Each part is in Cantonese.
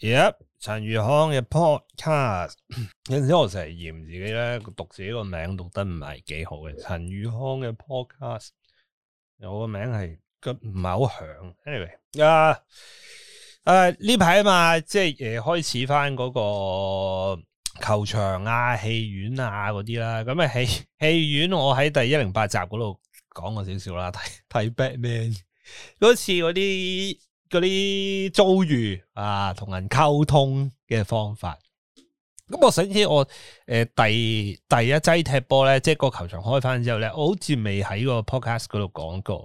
耶！yep, 陳宇康嘅 podcast，有陣時我成日嫌自己咧讀自己個名讀得唔係幾好嘅。陳宇康嘅 podcast，我個名係佢唔係好響。Anyway，啊啊呢排啊嘛，即係誒、呃、開始翻嗰個球場啊、戲院啊嗰啲啦。咁啊戲戲院我喺第一零八集嗰度講過少少啦。睇睇 Batman 嗰次嗰啲。嗰啲遭遇啊，同人溝通嘅方法。咁我上次我誒第、呃、第一劑踢波咧，即係個球場開翻之後咧，我好似未喺個 podcast 嗰度講過。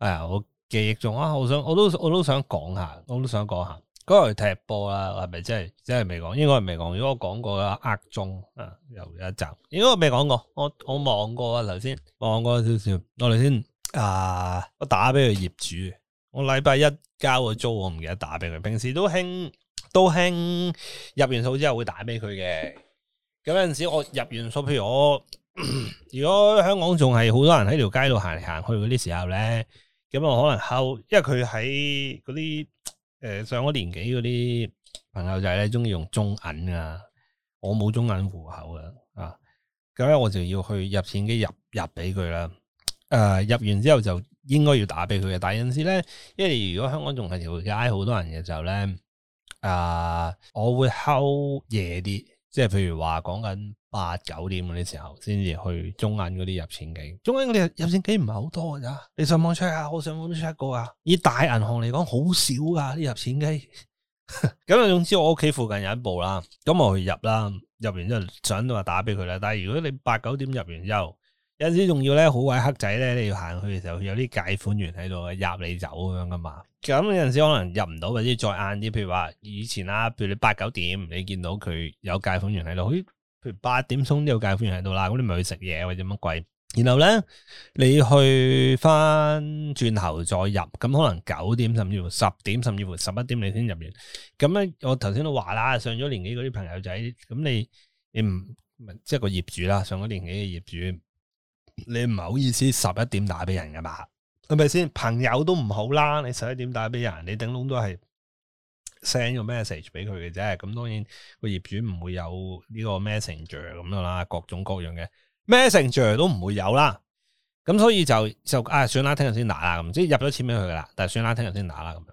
呀、哎，我記憶中啊，我想我都我都想講下，我都想講下嗰日踢波啦，係咪真係真係未講？應該係未講。如果我講過嘅，呃中啊又一集，應該我未講過。我我我望過頭先，望過少少。我頭先啊，我打俾佢業主。我禮拜一交個租，我唔記得打俾佢。平時都興，都興入完數之後會打俾佢嘅。咁有陣時我入完數，譬如，我如果香港仲係好多人喺條街度行嚟行去嗰啲時候咧，咁我可能後，因為佢喺嗰啲誒上咗年紀嗰啲朋友仔咧，中意用中銀啊，我冇中銀戶口啊，啊，咁咧我就要去入錢機入入俾佢啦。誒、呃，入完之後就。應該要打俾佢嘅，但有陣時咧，因為如果香港仲係條街好多人嘅時候咧，啊、呃，我會 hold 夜啲，即係譬如話講緊八九點嗰啲時候先至去中銀嗰啲入錢機，中銀嗰啲入錢機唔係好多㗎咋，你上網 check 下，我上網 check 過啊。以大銀行嚟講，好少㗎啲入錢機。咁啊，總之我屋企附近有一部啦，咁我去入啦，入完之後想都話打俾佢啦。但係如果你八九點入完之後，有時仲要咧，好鬼黑仔咧，你要行去嘅時候，有啲解款員喺度入你走咁樣噶嘛。咁有陣時可能入唔到，或者再晏啲。譬如話以前啦，譬如你八九點你見到佢有解款員喺度，咦？譬如八點鐘都有解款員喺度啦，咁你咪去食嘢或者乜鬼。然後咧，你去翻轉頭再入，咁可能九點甚至乎十點甚至乎十一點你先入完。咁咧，我頭先都話啦，上咗年紀嗰啲朋友仔，咁你你唔即係個業主啦，上咗年紀嘅業主。你唔係好意思十一點打俾人噶嘛？係咪先？朋友都唔好啦。你十一點打俾人，你頂籠都係 send 個 message 俾佢嘅啫。咁當然個業主唔會有呢個 message 咁樣啦，各種各樣嘅 message 都唔會有啦。咁所以就就啊，算啦，聽日先打啦。咁即係入咗錢俾佢噶啦，但係算啦，聽日先打啦。咁樣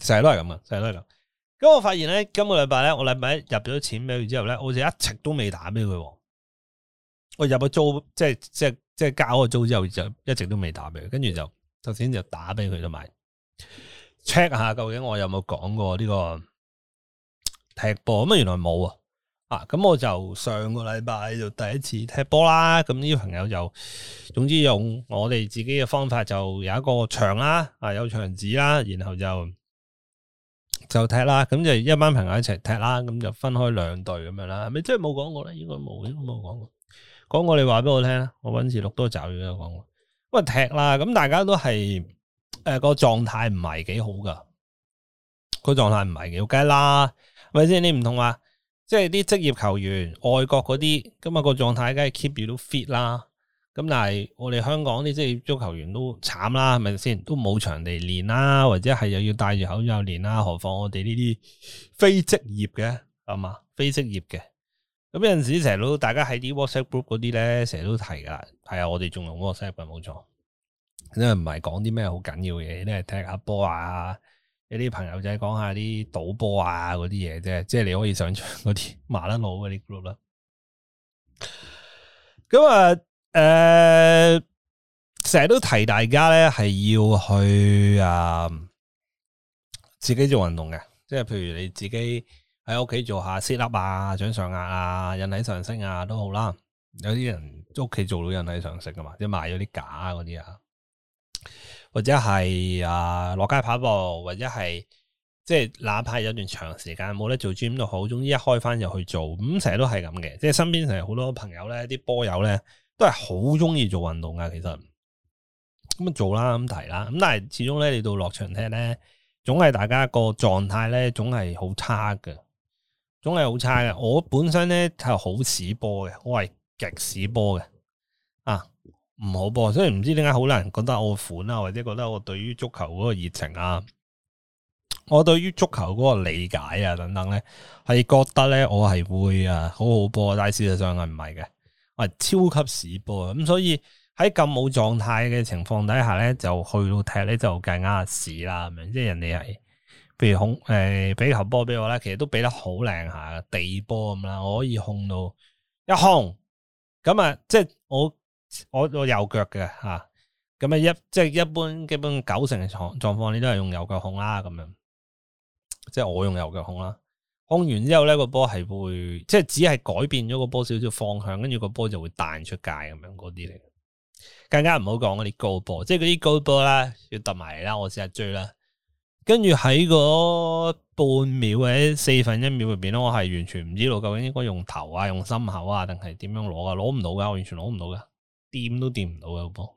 成日都係咁啊，成日都係咁。咁我發現咧，今個禮拜咧，我禮拜一入咗錢俾佢之後咧，我哋一直都未打俾佢。我入咗租，即係即係即係交咗租之後，就一直都未打俾佢，跟住就頭先就打俾佢，同埋 check 下究竟我有冇講過呢個踢波？咁啊，原來冇啊！啊，咁我就上個禮拜就第一次踢波啦。咁呢啲朋友就總之用我哋自己嘅方法，就有一個場啦，啊有場紙啦，然後就就踢啦。咁就一班朋友一齊踢啦，咁就分開兩隊咁樣啦。咪即係冇講過呢？應該冇，應該冇講過。講過你話畀我聽啦，我搵住錄多集嘢講。喂，踢啦，咁大家都係誒個狀態唔係幾好噶個狀態唔係幾好，梗係啦，係咪先？你唔同話，即係啲職業球員，外國嗰啲，咁啊個狀態梗係 keep 住都 fit 啦。咁但係我哋香港啲職業足球員都慘啦，係咪先？都冇場地練啦，或者係又要戴住口罩練啦，何況我哋呢啲非職業嘅，係嘛？非職業嘅。有陣時成日都大家喺啲 WhatsApp group 嗰啲咧，成日都提㗎。係啊，我哋仲用 WhatsApp 嘅冇錯。因為唔係講啲咩好緊要嘅嘢，都係踢下波啊，一啲朋友仔講下啲賭波啊嗰啲嘢啫。即係你可以想像嗰啲麻甩佬嗰啲 group 啦。咁啊，誒、呃，成日都提大家咧，係要去啊，自己做運動嘅，即係譬如你自己。喺屋企做下 C 粒啊、掌上壓啊、引體上升啊都好啦，啊。有啲人屋企做到引體上升噶嘛，即係賣咗啲假嗰啲啊，或者係啊落街跑步，或者係即係哪怕有段長時間冇得做 gym 都好，總之一開翻入去做。咁成日都係咁嘅，即係身邊成日好多朋友咧，啲波友咧都係好中意做運動噶。其實咁啊做啦咁提啦，咁但係始終咧你到落場踢咧，總係大家個狀態咧總係好差嘅。總係好差嘅，我本身咧係好屎波嘅，我係極屎波嘅啊，唔好波。所以唔知點解好多人覺得我款啊，或者覺得我對於足球嗰個熱情啊，我對於足球嗰個理解啊等等咧，係覺得咧我係會啊好好波，但係事實上係唔係嘅，我係超級屎波啊。咁所以喺咁冇狀態嘅情況底下咧，就去到踢咧就更加屎啦。咁樣即係人哋係。譬如控誒，俾、欸、球波俾我啦，其實都俾得好靚下，地波咁啦，我可以控到一控咁啊，即係我我個右腳嘅吓，咁啊一即係一般基本九成嘅狀狀況，你都係用右腳控啦，咁樣即係、就是、我用右腳控啦，控完之後咧個波係會即係、就是、只係改變咗個波少少方向，跟住個波就會彈出界咁樣嗰啲嚟，更加唔好講嗰啲高波，即係嗰啲高波啦，要揼埋嚟啦，我試下追啦。跟住喺嗰半秒或者四分一秒入邊咯，我係完全唔知道究竟應該用頭啊，用心口啊，定係點樣攞啊？攞唔到噶，我完全攞唔到噶，掂都掂唔到嘅波，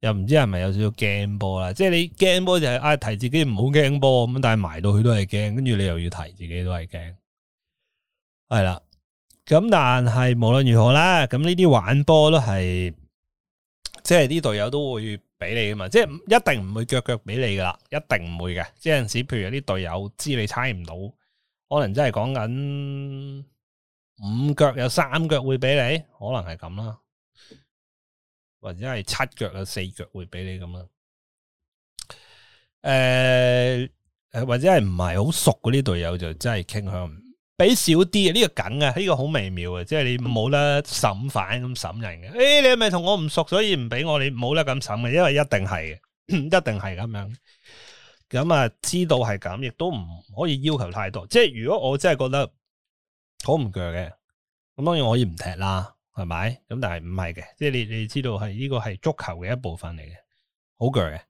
又唔知係咪有少少驚波啦？即係你驚波就係啊，提自己唔好驚波咁，但係埋到去都係驚，跟住你又要提自己都係驚，係啦。咁但係無論如何啦，咁呢啲玩波都係。即係啲隊友都會畀你噶嘛，即係一定唔會腳腳畀你噶啦，一定唔會嘅。有陣時，譬如有啲隊友知你猜唔到，可能真係講緊五腳有三腳會畀你，可能係咁啦，或者係七腳有四腳會畀你咁啦。誒、呃、誒，或者係唔係好熟嗰啲隊友就真係傾向。俾少啲啊！呢個梗嘅，呢個好微妙嘅，即係你冇得審反咁審人嘅。誒，你係咪同我唔熟，所以唔俾我？你冇得咁審嘅，因為一定係，一定係咁樣。咁啊，知道係咁，亦都唔可以要求太多。即係如果我真係覺得好唔鋸嘅，咁當然我可以唔踢啦，係咪？咁但係唔係嘅，即係你你知道係呢個係足球嘅一部分嚟嘅，好鋸嘅。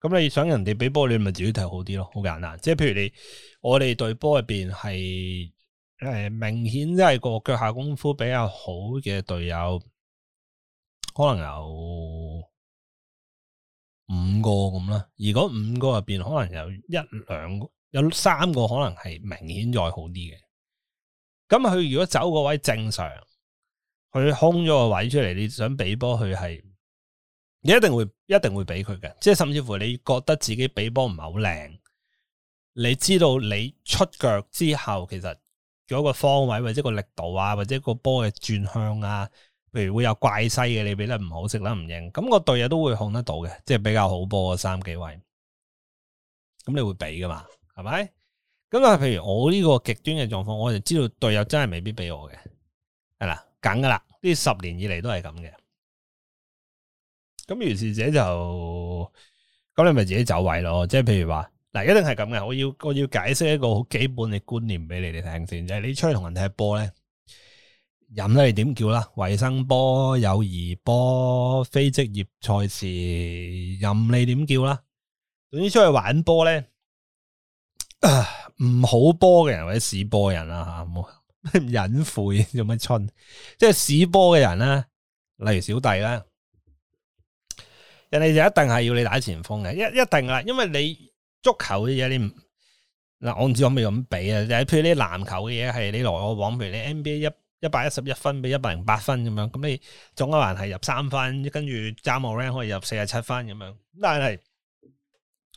咁你想人哋俾波，你咪自己踢好啲咯，好簡單。即係譬如你，我哋對波入邊係。誒，明顯即係個腳下功夫比較好嘅隊友，可能有五個咁啦。而嗰五個入邊，可能有一兩個，有三個可能係明顯再好啲嘅。咁佢如果走個位正常，佢空咗個位出嚟，你想俾波佢係，你一定會一定會俾佢嘅。即係甚至乎你覺得自己俾波唔係好靚，你知道你出腳之後其實。咗個方位，或者個力度啊，或者個波嘅轉向啊，譬如會有怪勢嘅，你俾得唔好食啦，唔應，噉個隊友都會控得到嘅，即係比較好波嘅三幾位，咁你會俾噶嘛？係咪？咁啊，譬如我呢個極端嘅狀況，我就知道隊友真係未必俾我嘅，係啦，梗噶啦，呢十年以嚟都係咁嘅。咁如是者就，咁你咪自己走位咯，即係譬如話。嗱，一定係咁嘅，我要我要解釋一個好基本嘅觀念俾你哋聽先，就係你出去同人踢波咧，任你點叫啦，衛生波、友誼波、非職業賽事，任你點叫啦。總之出去玩波咧，唔好波嘅人或者屎波嘅人啦吓，冇隱晦做乜春，即係屎波嘅人咧，例如小弟啦，人哋就一定係要你打前鋒嘅，一一定啦，因為你。足球嘅嘢你嗱，我唔知道我可唔可以咁比啊？就係譬如啲籃球嘅嘢，係你來我往，譬如你 NBA 一一百一十一分比一百零八分咁樣，咁你總嘅話係入三分，跟住 Ja Morant 可以入四十七分咁樣。但係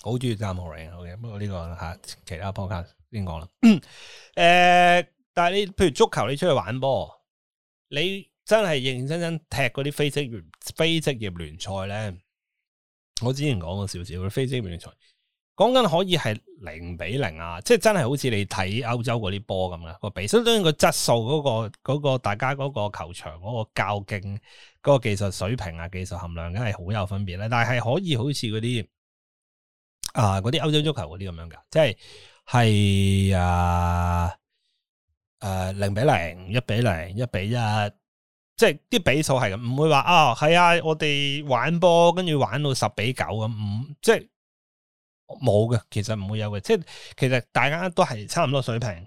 好中意 Ja Morant 好嘅。不過呢個吓其他波卡先講啦。誒、 呃，但係你譬如足球你出去玩波，你真係認真真踢嗰啲非職業非職業聯賽咧，我之前講過少少非職業聯賽。講緊可以係零比零啊，即係真係好似你睇歐洲嗰啲波咁嘅個比，所以當然個質素嗰個嗰個大家嗰個球場嗰個較勁、嗰個技術水平啊、技術含量，梗係好有分別啦。但係可以好似嗰啲啊嗰啲歐洲足球嗰啲咁樣嘅，即係係啊誒零比零、一比零、一比一，即係啲比數係唔會話啊係啊，我哋玩波跟住玩到十比九咁，即係。冇嘅，其實唔會有嘅，即係其實大家都係差唔多水平，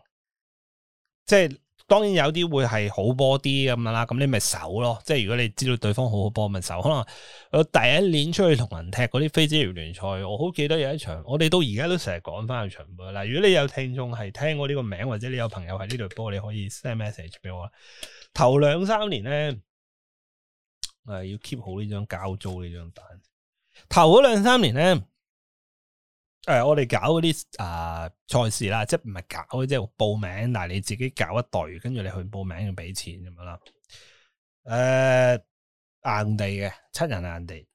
即係當然有啲會係好波啲咁樣啦，咁你咪守咯。即係如果你知道對方好好波，咪守。可能我第一年出去同人踢嗰啲非職業聯賽，我好記得有一場，我哋到而家都成日講翻去場波。嗱，如果你有聽眾係聽過呢個名，或者你有朋友喺呢度波，你可以 send message 俾我。頭兩三年咧，要 keep 好呢張交租呢張單。頭嗰兩三年咧。誒、嗯，我哋搞嗰啲誒賽事啦，即係唔係搞嘅，即係報名，但係你自己搞一隊，跟住你去報名要俾錢咁樣啦。誒、呃，硬地嘅七人硬地，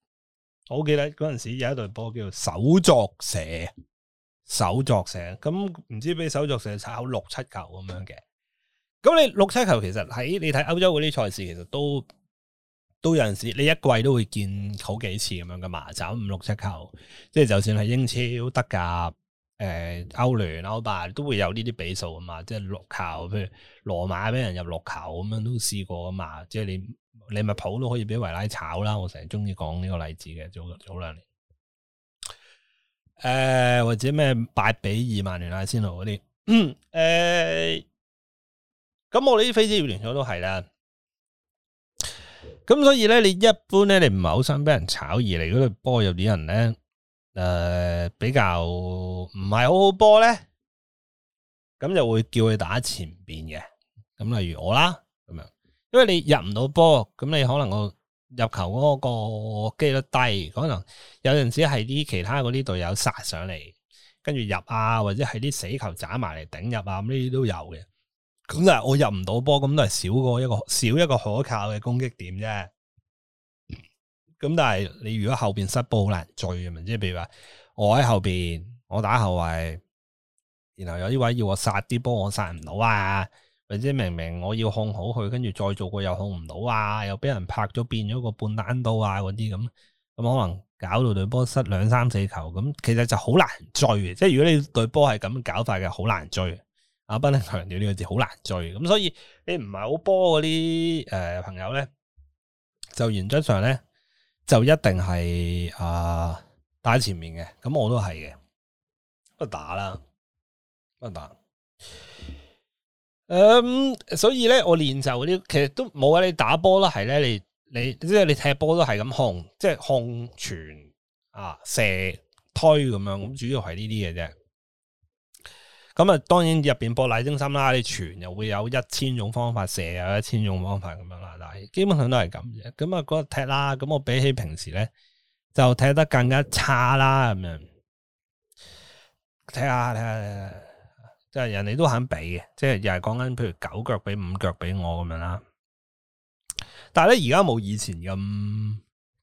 我記得嗰陣時有一隊波叫做手作社，手作社，咁唔知俾手作社炒六七球咁樣嘅。咁你六七球其實喺你睇歐洲嗰啲賽事，其實都。都有陣時，你一季都會見好幾次咁樣嘅嘛，走五六七球，即係就算係英超德甲，誒歐聯歐霸都會有呢啲比數噶嘛，即係六球，譬如羅馬俾人入六球咁樣都試過噶嘛，即係你利物浦都可以俾維拉炒啦，我成日中意講呢個例子嘅，早早兩年，誒、呃、或者咩八比二曼聯先到嗰啲，誒、嗯，咁、呃、我哋啲非職業聯賽都係啦。咁所以咧，你一般咧，你唔係好想俾人炒而嚟嗰度波入啲人咧，誒、呃，比較唔係好好波咧，咁就會叫佢打前邊嘅。咁例如我啦，咁樣，因為你入唔到波，咁你可能個入球嗰個幾率低，可能有陣時係啲其他嗰啲隊友殺上嚟，跟住入啊，或者係啲死球斬埋嚟頂入啊，咁呢啲都有嘅。咁但係我入唔到波，咁都係少個一個少一個可靠嘅攻擊點啫。咁但係你如果後邊失波好難追啊，即係譬如話我喺後邊，我打後衛，然後有啲位要我殺啲波，我殺唔到啊。或者明明我要控好佢，跟住再做嘅又控唔到啊，又俾人拍咗變咗個半單刀啊，嗰啲咁，咁可能搞到對波失兩三四球，咁其實就好難追嘅。即係如果你對波係咁搞法嘅，好難追。阿斌咧強調呢個字好難追，咁所以你唔係好波嗰啲誒朋友咧，就原則上咧就一定係啊打前面嘅，咁我都係嘅，都打啦，都打。咁、嗯、所以咧，我練就嗰啲，其實都冇啊！你打波啦，係咧，你你即係、就是、你踢波都係咁控，即、就、係、是、控傳啊射推咁樣，咁主要係呢啲嘅啫。嗯咁啊，當然入面播乃精心啦，你傳又會有一千種方法，射又有一千種方法咁樣啦。但係基本上都係咁嘅。咁啊，嗰個踢啦，咁我比起平時咧，就踢得更加差啦咁樣。踢下踢下，即係人哋都肯比嘅，即係又係講緊譬如九腳比五腳比我咁樣啦。但係咧，而家冇以前咁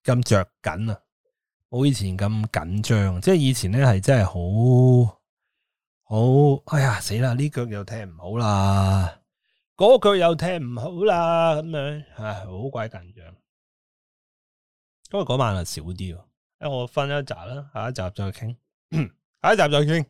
咁着緊啊，冇以前咁緊張。即係以前咧，係真係好。好，oh, 哎呀，死啦！呢腳又踢唔好啦，嗰腳又踢唔好啦，咁樣唉，好鬼緊張。今日嗰晚啊少啲，因為我分一集啦，下一集再傾， 下一集再傾。